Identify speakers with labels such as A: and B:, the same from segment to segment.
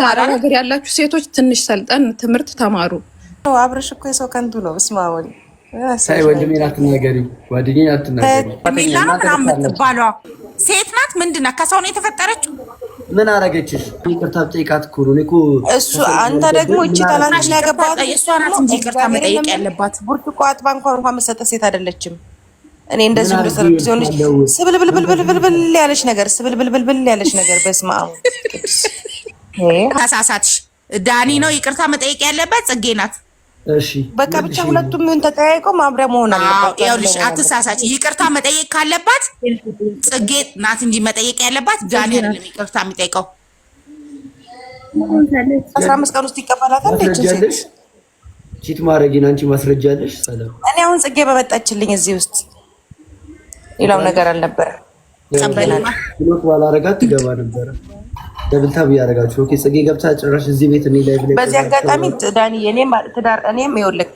A: ዛሬ ነገር ያላችሁ ሴቶች ትንሽ ሰልጠን ትምህርት ተማሩ።
B: አብረሽ እኮ የሰው ከንቱ ነው። በስመ
C: ሳይ ወንድሜ አትናገሪ፣ ጓደኛዬ አትናገሪ።
A: ሚላ ምናምን የምትባለዋ ሴት ናት። ምንድን ናት? ከሰው ነው የተፈጠረችው።
C: ምን አረገችሽ? ይቅርታ ጠይቃት ኩሩ እኮ
B: እሱ። አንተ ደግሞ እቺ ታላንት ያገባት
A: እሷ ናት እንጂ ይቅርታ መጠየቅ ያለባት ብርቱካን አጥባ እንኳን እንኳን መሰጠ ሴት አይደለችም። እኔ እንደዚህ ብሎ ሰለብሲዮን ስብልብልብልብልብል ያለች ነገር ስብልብልብልብል ያለች ነገር በስመ አብ ተሳሳትሽ። ዳኒ ነው ይቅርታ መጠየቅ ያለበት፣ ጽጌ ናት።
B: በቃ ብቻ ሁለቱም ምን ተጠያይቀው ማብሪያ መሆን
A: አለበት። ይኸውልሽ አትሳሳች። ይቅርታ መጠየቅ ካለባት ጽጌ ናት እንጂ መጠየቅ ያለባት ዳኒ አይደለም። ይቅርታ የሚጠይቀው
B: አስራ አምስት ቀን ውስጥ ይቀበላታል።
C: ቺት ማድረጌን አንቺ ማስረጃ አለሽ?
B: እኔ አሁን ጽጌ በመጣችልኝ እዚህ ውስጥ ሌላው ነገር አልነበረ።
C: ጸበልና ባላረጋት ትገባ ነበረ ደብልታብ እያደረጋችሁ ኦኬ። ጽጌ ገብታ ጭራሽ እዚህ ቤት እኔ ላይ ብለህ
B: በዚህ አጋጣሚ ዳኒ እኔም ትዳር እኔም ይኸውልህ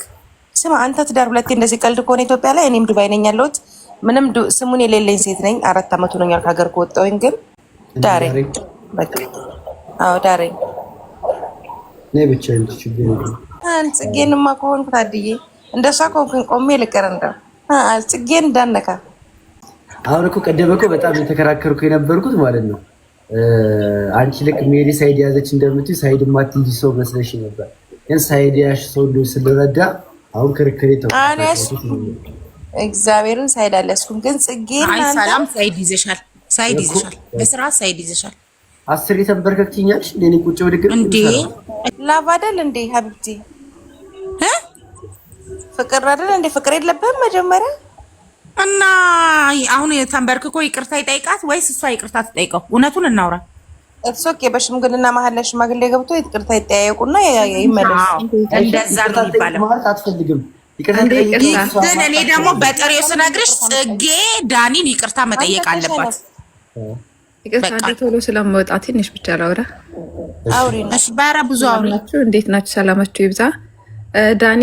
B: ስማ አንተ ትዳር ሁለቴ እንደዚህ ቀልድ ከሆነ ኢትዮጵያ ላይ እኔም ዱባይ ነኝ ያለሁት ምንም ስሙን የሌለኝ ሴት ነኝ። አራት አመት ሆኖኛል ከሀገር ከወጣሁኝ። ግን ዳሬ በቃ አዎ ዳሬ
C: ነይ ብቻ እንጂ ችግር የለም።
B: ጽጌንማ ከሆንኩ ታድዬ እንደሷ ከሆንኩኝ ቆሜ ልቀር እንደው ጽጌን እንዳነካ
C: አሁን እኮ ቀደም እኮ በጣም የተከራከርኩ የነበርኩት ማለት ነው አንቺ ልክ ሜሪ ሳይድ ያዘች እንደምትይ ሳይድ ማትይ ሰው መስለሽ ነበር፣ ግን ሳይድ ያሽ ሰው ልጅ ስለረዳ አሁን ክርክሬ ተው
B: እግዚአብሔርን ሳይድ አልያዝኩም፣ ግን ጽጌ
A: ሰላም ሳይድ ይዘሻል፣ ሳይድ ይዘሻል፣ በስራ ሳይድ ይዘሻል።
C: አስር የተንበርከክትኛል እንዴ ቁጭ ብድግ
B: እንዴ ላቭ አይደል እንዴ ሀብብቲ ፍቅር አይደል እንዴ ፍቅር የለብህም መጀመሪያ
A: እና አሁን ተንበርክኮ ይቅርታ ይጠይቃት ወይስ እሷ ይቅርታ ትጠይቀው? እውነቱን እናውራ።
B: እሱ በሽምግልና መሀል ላይ ሽማግሌ ገብቶ ይቅርታ ይጠያየቁና ይመለሱ።
A: ግን እኔ ደግሞ በጥሬው ስነግርሽ ጽጌ ዳኒን ይቅርታ መጠየቅ አለባት።
D: ይቅርታ ቶሎ ስለምወጣ ትንሽ ብቻ ላውራ።
B: አውሪ፣ ኧረ ብዙ አውሪ።
D: እንዴት ናችሁ? ሰላማችሁ ይብዛ። ዳኒ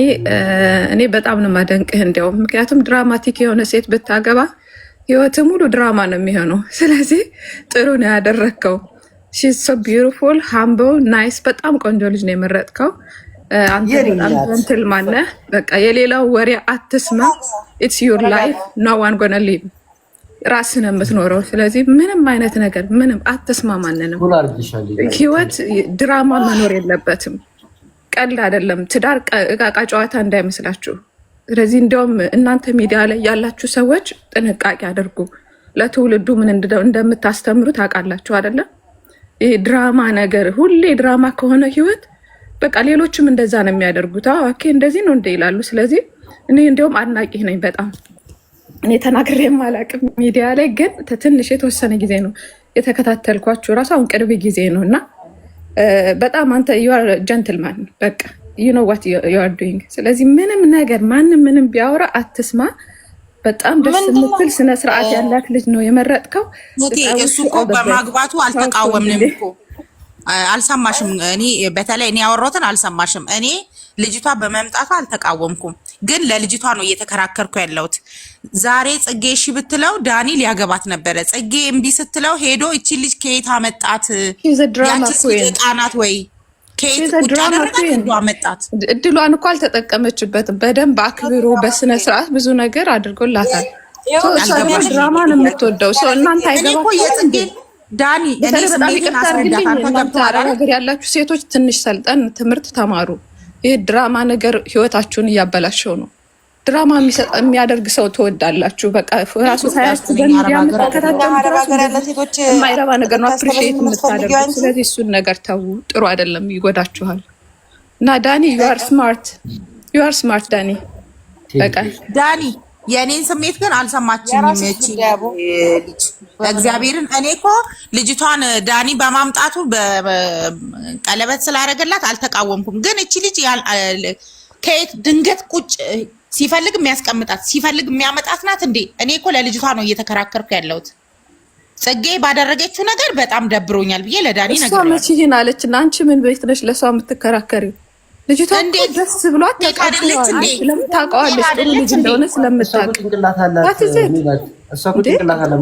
D: እኔ በጣም ነው ማደንቅህ። እንዲያውም ምክንያቱም ድራማቲክ የሆነ ሴት ብታገባ ህይወት ሙሉ ድራማ ነው የሚሆነው። ስለዚህ ጥሩ ነው ያደረግከው። ሺስ ሶ ቢዩቲፉል ሃምብል ናይስ። በጣም ቆንጆ ልጅ ነው የመረጥከው። አንተ በጣም በቃ የሌላው ወሬ አትስማ። ኢትስ ዩር ላይፍ ኖ ዋን ጎነ ሊቭ ነው የምትኖረው ስለዚህ ምንም አይነት ነገር ምንም አትስማ ማንንም። ህይወት ድራማ መኖር የለበትም። ቀልድ አይደለም። ትዳር እቃቃ ጨዋታ እንዳይመስላችሁ። ስለዚህ እንዲያውም እናንተ ሚዲያ ላይ ያላችሁ ሰዎች ጥንቃቄ አድርጉ። ለትውልዱ ምን እንደምታስተምሩ ታውቃላችሁ አይደለም? ይሄ ድራማ ነገር ሁሌ ድራማ ከሆነ ህይወት በቃ ሌሎችም እንደዛ ነው የሚያደርጉት። አኬ እንደዚህ ነው እንደ ይላሉ። ስለዚህ እኔ እንዲያውም አድናቂ ነኝ በጣም
B: እኔ ተናግሬ የማላውቅም
D: ሚዲያ ላይ ግን ትንሽ የተወሰነ ጊዜ ነው የተከታተልኳችሁ። ራሱ አሁን ቅርብ ጊዜ ነው እና በጣም አንተ ዩር ጀንትልማን በቃ ዩ ኖ ዋት ዩር ዱንግ። ስለዚህ ምንም ነገር ማንም ምንም ቢያወራ አትስማ። በጣም ደስ የምትል ስነ ስርዓት ያላት ልጅ ነው የመረጥከው።
A: እሱ እኮ በማግባቱ አልተቃወምንም እኮ አልሰማሽም። እኔ በተለይ እኔ ያወራሁትን አልሰማሽም። እኔ ልጅቷ በመምጣቷ አልተቃወምኩም። ግን ለልጅቷ ነው እየተከራከርኩ ያለሁት። ዛሬ ጽጌ እሺ ብትለው ዳኒ ሊያገባት ነበረ። ጽጌ እምቢ ስትለው ሄዶ እቺ ልጅ ከየት አመጣት?
D: ጣናት
A: ወይ መጣት
D: እድሏን እኮ አልተጠቀመችበትም። በደንብ አክብሮ በስነ ስርዓት ብዙ ነገር አድርጎላታል። ድራማን የምትወደው ሰው እናንተ አይገባ ዳኒ በተለይ በጣም ይቅርታ ነገር ያላችሁ ሴቶች ትንሽ ሰልጠን ትምህርት ተማሩ። ይህ ድራማ ነገር ህይወታችሁን እያበላሸው ነው። ድራማ የሚያደርግ ሰው ትወዳላችሁ። በቃ ራሱ ሳያችሁ የማይረባ ነገር ነው አፕሪሺየት የምታደርጉት። ስለዚህ እሱን ነገር ተዉ፣ ጥሩ አይደለም፣ ይጎዳችኋል። እና ዳኒ ዩአር ስማርት ዩአር ስማርት ዳኒ
A: በቃ ዳኒ የእኔን ስሜት ግን አልሰማችም ልጅ እግዚአብሔርን። እኔ እኮ ልጅቷን ዳኒ በማምጣቱ ቀለበት ስላደረገላት አልተቃወምኩም። ግን እቺ ልጅ ከየት ድንገት ቁጭ ሲፈልግ የሚያስቀምጣት ሲፈልግ የሚያመጣት ናት እንዴ? እኔ እኮ ለልጅቷ ነው እየተከራከርኩ ያለሁት። ጽጌ ባደረገችው ነገር በጣም ደብሮኛል ብዬ ለዳኒ
D: ነገር መቼ ይህን አለች እና አንቺ ምን ቤት ነሽ ለእሷ የምትከራከሪው? ልጅቷ ደስ ብሏት
A: ተቃለች።
D: ጥሩ ልጅ እንደሆነ ስለምታውቅ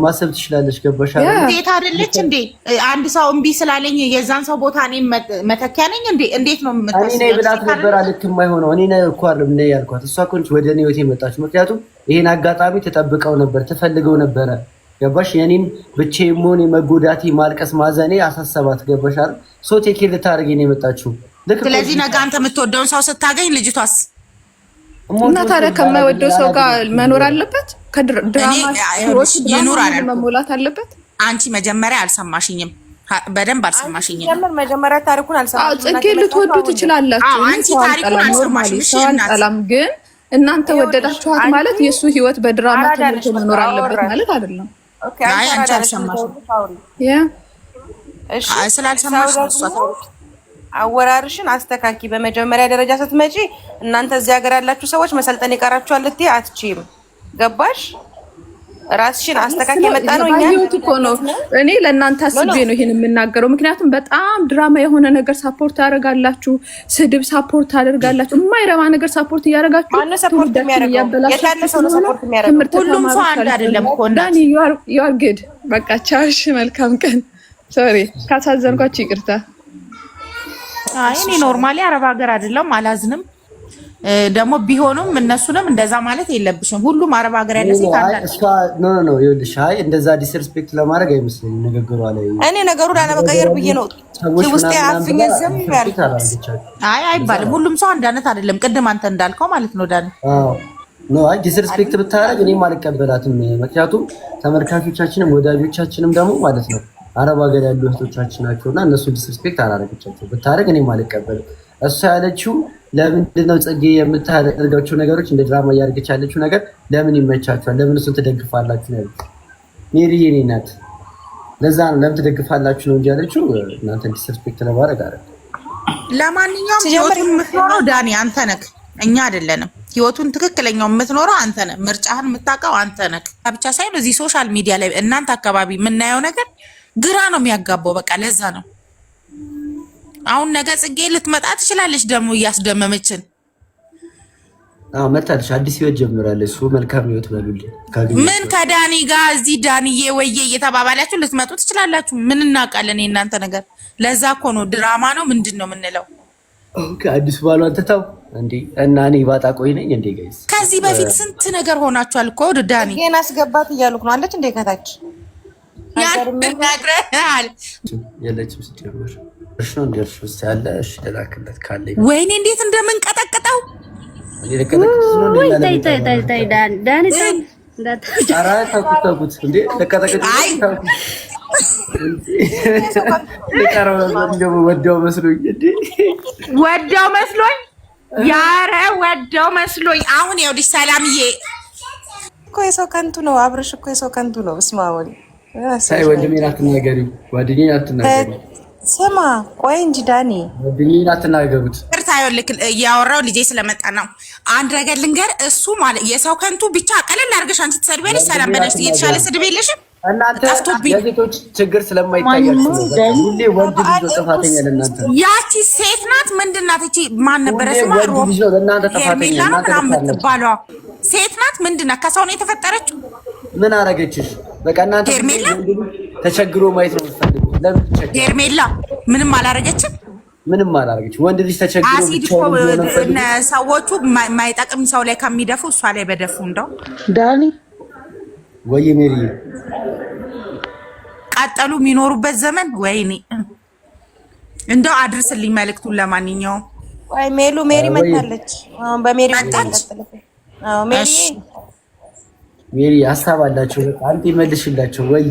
C: ማሰብ ትችላለች። ገባሽ
A: እንዴት አይደለች እንዴ? አንድ ሰው እምቢ ስላለኝ የዛን ሰው ቦታ እኔ መተኪያ ነኝ እንዴ? እንዴት
C: ነው ብላት ነበር አልክ የማይሆነው እኔ ያልኳት። እሷ ወደ እኔ ምክንያቱም ይሄን አጋጣሚ ተጠብቀው ነበር፣ ትፈልገው ነበረ። ገባሽ የኔን መጎዳቴ፣ ማልቀስ፣ ማዘኔ አሳሰባት። ገባሽ ሶ ነው የመጣችው
A: ስለዚህ ነገ አንተ የምትወደውን ሰው ስታገኝ ልጅቷስ
D: እና ታዲያ ከማይወደው ሰው ጋር መኖር አለበት? ከድራማ
A: መሞላት አለበት? አንቺ መጀመሪያ አልሰማሽኝም፣ በደንብ አልሰማሽኝም።
B: መጀመሪያ ታሪኩን
D: አልሰማሽኝም። ጽጌ ልትወዱ ትችላላችሁ።
A: አንቺ ታሪኩን
D: አልሰማሽም፣ ግን እናንተ ወደዳችኋት ማለት የእሱ ህይወት በድራማ ተሞልቶ መኖር አለበት ማለት አይደለም።
A: አንቺ አልሰማሽም ስላልሰማሽ
B: አወራርሽን አስተካኪ። በመጀመሪያ ደረጃ ስትመጪ እናንተ እዚህ ሀገር ያላችሁ ሰዎች መሰልጠን ይቀራችኋል ልትይ አትችይም። ገባሽ? ራስሽን አስተካኪ። የመጣ ነው
D: እኮ ነው። እኔ ለእናንተ አስቤ ነው ይሄን የምናገረው። ምክንያቱም በጣም ድራማ የሆነ ነገር ሳፖርት ያደርጋላችሁ፣ ስድብ ሳፖርት አደርጋላችሁ፣ የማይረባ ነገር ሳፖርት እያደረጋችሁ
B: ሁሉም ሰው
A: አንድ አይደለም።
D: ዳኒ አር ግድ። በቃ ቻሽ። መልካም ቀን። ሶሪ ካሳዘንኳችሁ ይቅርታ።
A: አይ እኔ ኖርማሊ አረብ ሀገር አይደለም አላዝንም። ደግሞ ቢሆኑም እነሱንም እንደዛ ማለት የለብሽም። ሁሉም አረብ ሀገር ያለ
C: ሴት አለ። ይኸውልሽ አይ እንደዛ ዲስርስፔክት ለማድረግ አይመስለኝም ንግግሯ ላይ።
A: እኔ ነገሩን ላለመቀየር ብዬ ነው ውስጤ አፍኝ ዝም ያልኩት። አይ አይባልም። ሁሉም ሰው አንድ አይነት አይደለም። ቅድም አንተ እንዳልከው ማለት ነው
C: ኖ አይ ዲስርስፔክት ብታደርግ እኔም አልቀበላትም። ምክንያቱም ተመልካቾቻችንም ወዳጆቻችንም ደግሞ ማለት ነው አረብ ሀገር ያሉ እህቶቻችን ናቸው እና እነሱ ዲስሪስፔክት አላረገቻቸው ብታደረግ እኔም አልቀበልም። እሷ ያለችው ነው ጽጌ የምታደርጋቸው ነገሮች እንደ ድራማ እያደረገች ያለችው ነገር ለምን ይመቻቸዋል? ለምን እሱን ትደግፋላችሁ ነው ያሉት። ሜሪ የኔ ናት። ለዛ ነው ለምን ትደግፋላችሁ ነው እንጂ ያለችው እናንተ ዲስሪስፔክት ለማድረግ አረ
A: ለማንኛውም ህይወቱን የምትኖረው ዳኒ አንተ ነክ እኛ አይደለንም። ህይወቱን ትክክለኛው የምትኖረው አንተ ነህ። ምርጫህን የምታውቀው አንተ ነክ። ብቻ ሳይሆን እዚህ ሶሻል ሚዲያ ላይ እናንተ አካባቢ የምናየው ነገር ግራ ነው የሚያጋባው። በቃ ለዛ ነው አሁን ነገ ጽጌ ልትመጣ ትችላለች። ደግሞ እያስደመመችን
C: መታለች። አዲስ ህይወት ጀምራለች። እሱ መልካም ህይወት በሉል።
A: ምን ከዳኒ ጋር እዚህ ዳኒዬ ወዬ እየተባባላችሁ ልትመጡ ትችላላችሁ። ምን እናውቃለን የእናንተ ነገር። ለዛ እኮ ነው ድራማ ነው ምንድን ነው የምንለው።
C: አዲሱ ባሏ አንተታው እንዴ እና እኔ ባጣ ቆይ ነኝ እንዴ ጋይስ።
A: ከዚህ በፊት ስንት ነገር ሆናችኋል እኮ ዳኒ።
B: ይሄን አስገባት እያልኩ ነው አለች እንዴ ከታች
A: ያናግረሃል
C: የለችም። ያለ ካለ
A: ወይኔ እንዴት እንደምንቀጠቅጠው
C: ወደው መስሎኝ
A: ወደው መስሎኝ ያረ ወደው መስሎኝ። አሁን ይኸውልሽ ሰላምዬ
B: እኮ የሰው ከንቱ ነው። አብረሽ እኮ የሰው ከንቱ ነው። እስማወል
C: ሳይ ወንድሜን አትናገሪው፣ ጓደኛዬን አትናገሪው።
B: ስማ ቆይ እንጂ ዳኒ
C: ጓደኛዬን አትናገሩት።
A: ቅርታ ይኸውልህ፣ እያወራሁ ልጄ ስለመጣ ነው። አንድ ነገር ልንገር፣ እሱ ማለት የሰው ከንቱ ብቻ ቀለል አድርገሽ አንቺ ትሰድቢያለሽ። ሰላም በለሽ፣ የተሻለ ስድብ የለሽም።
C: እናንተ የሴቶች ችግር ስለማይታያችሁ ሁሌ ወንድ ልጅ ነው ጥፋተኛ።
A: ለእናንተ ያቺ ሴት ናት። ምንድን ናት ይቺ? ማን ነበረ ስማ፣
C: ለእናንተ ጥፋተኛ
A: ናት። ምትባሏ ሴት ናት። ምንድን ናት? ከሰው ነው የተፈጠረችው።
C: ምን አረገችሽ? በቃ እናንተ ተቸግሮ ማየት ነው
A: ለምን ተቸግሮ ሄርሜላ ምንም አላረገችም፣
C: ምንም አላረገችም። ወንድ ልጅ ተቸግሮ
A: ሰዎቹ ማይጠቅም ሰው ላይ ከሚደፉ እሷ ላይ በደፉ እንደው
C: ዳኒ ወይ ሜሪ
A: ቀጠሉ የሚኖሩበት ዘመን ወይኔ እንደው አድርስልኝ መልእክቱን። ለማንኛውም
B: ወይ ሜሉ ሜሪ አሁን በሜሪ መጣች። አዎ ሜሪ
C: ሜሪ ሀሳብ አላቸው። አንተ መልሽላቸው ወይ